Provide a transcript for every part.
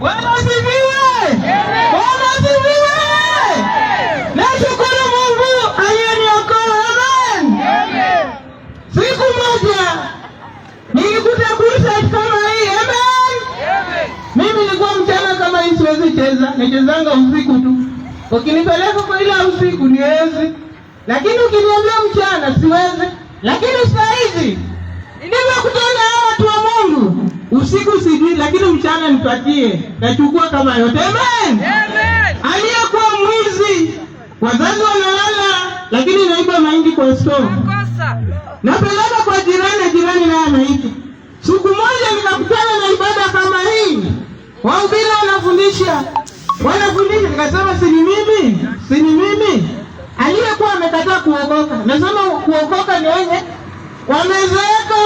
Bwana asifiwe! Bwana asifiwe! Nashukuru Mungu aliyeniokoa. Amen. Siku moja nilikuta fursa kama hii. Amen. Mimi nilikuwa mchana kama hii siwezi cheza, nachezanga usiku tu. Ukinipeleka kwa ile usiku niwezi, lakini ukiniambia mchana siwezi, lakini lakini mchana nipatie, nachukua kama yote. Amen. Aliyekuwa mwizi, wazazi wanalala, lakini naiba mahindi kwa store, napeleka kwa jirani, jirani naye anaiki. Siku moja nikakutana na ibada kama hii, wahubiri wanafundisha, wanafundisha, nikasema si ni mimi, si ni mimi. Aliyekuwa amekataa kuokoka, nasema kuokoka ni wenye wamezeeka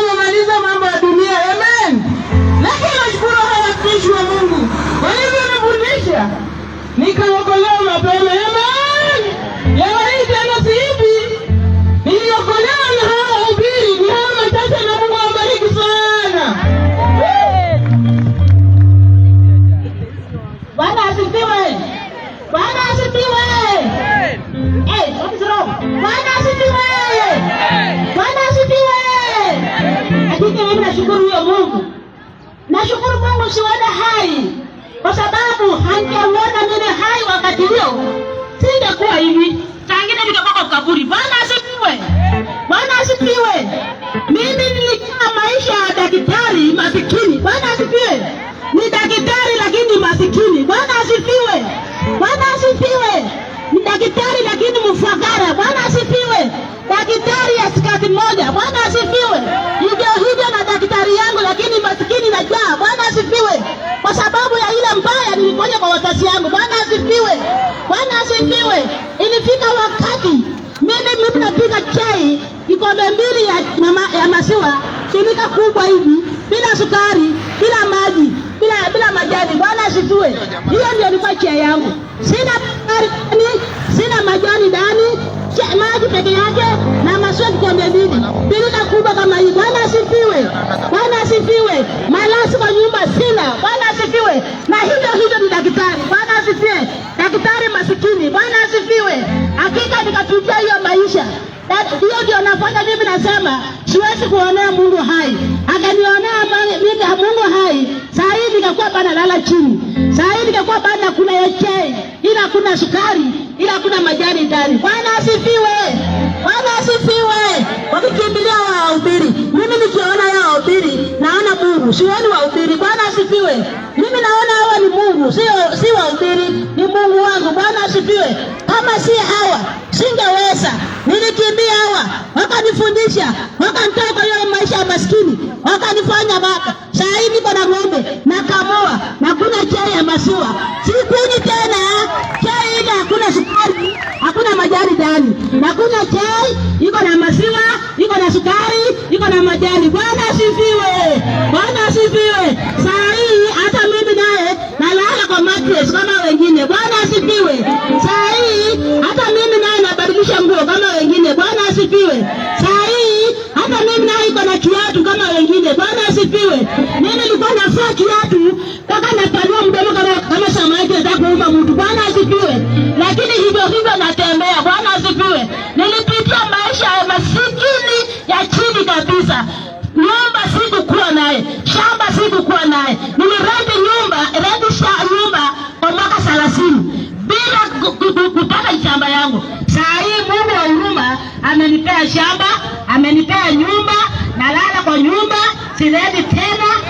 Nashukuru Mungu siwada hai, kwa sababu hangeona mimi hai wakati huo singekuwa hivi, tangine ningekuwa kaburi. Bwana asifiwe, Bwana asifiwe. Mimi nilikuwa maisha ya daktari masikini. Bwana asifiwe, ni daktari lakini masikini. Bwana asifiwe, Bwana asifiwe, ni daktari lakini mfagara. Bwana asifiwe, daktari ya skati moja. Bwana asifiwe masikini na njaa. Bwana asifiwe. Kwa sababu ya ile mbaya nilifanya kwa wazazi yangu. Bwana asifiwe. Bwana asifiwe. Ilifika wakati mimi mimi napika chai kikombe mbili ya, mama, ya maziwa shinika kubwa hivi bila sukari bila maji bila, bila majani. Bwana asifiwe. Hiyo ndio ilikuwa chai yangu, sina sukari sina majani ndani, maji peke yake na maziwa kikombe mbili bila kubwa sina. Bwana asifiwe. Na hivyo hivyo ni daktari. Bwana asifiwe. Daktari masikini. Bwana asifiwe. Hakika nikapitia hiyo maisha. Hiyo ndio nafanya mimi nasema siwezi kuonea Mungu hai. Akanionea mimi Mungu hai. Saa hii nikakuwa bana lala chini. Saa hii nikakuwa bana kuna yekei. Ila kuna sukari, ila kuna majani ndani. Bwana asifiwe. Bwana asifiwe. Wakikimbilia wahubiri. Mimi nikiona yao wahubiri naona Mungu. Sioni wahubiri asifiwe. Mimi naona hawa ni Mungu, sio si wahubiri, ni Mungu wangu. Bwana asifiwe. Kama si hawa singeweza, nilikimbia hawa, wakanifundisha, wakanitoa kwa hiyo maisha ya maskini, wakanifanya maka. Sasa hivi bwana ng'ombe nakamua na kuna chai ya maziwa, sikunywi chai ndani, nakunywa chai iko na maziwa, iko na sukari, iko na majani. Bwana asifiwe, Bwana asifiwe. Saa hii hata mimi naye nalala kwa mattress kama wengine. Bwana asifiwe. Saa hii hata mimi naye nabadilisha nguo kama wengine. Bwana asifiwe. Saa hii hata mimi naye iko na kiatu kama wengine. Bwana asifiwe. Mimi nilikuwa nafaa kiatu mpaka napanua mdomo kuuma mtu. Bwana asifiwe. Lakini hivyo hivyo natembea. Bwana asifiwe. Nilipitia maisha ya masikini ya chini kabisa. Nyumba sikukuwa naye, shamba sikukuwa naye. Nilirenti nyumba, renti nyumba kwa mwaka 30 bila kutaka shamba yangu. Saa hii Mungu wa huruma amenipea shamba, amenipea nyumba, nalala kwa nyumba, sirendi tena.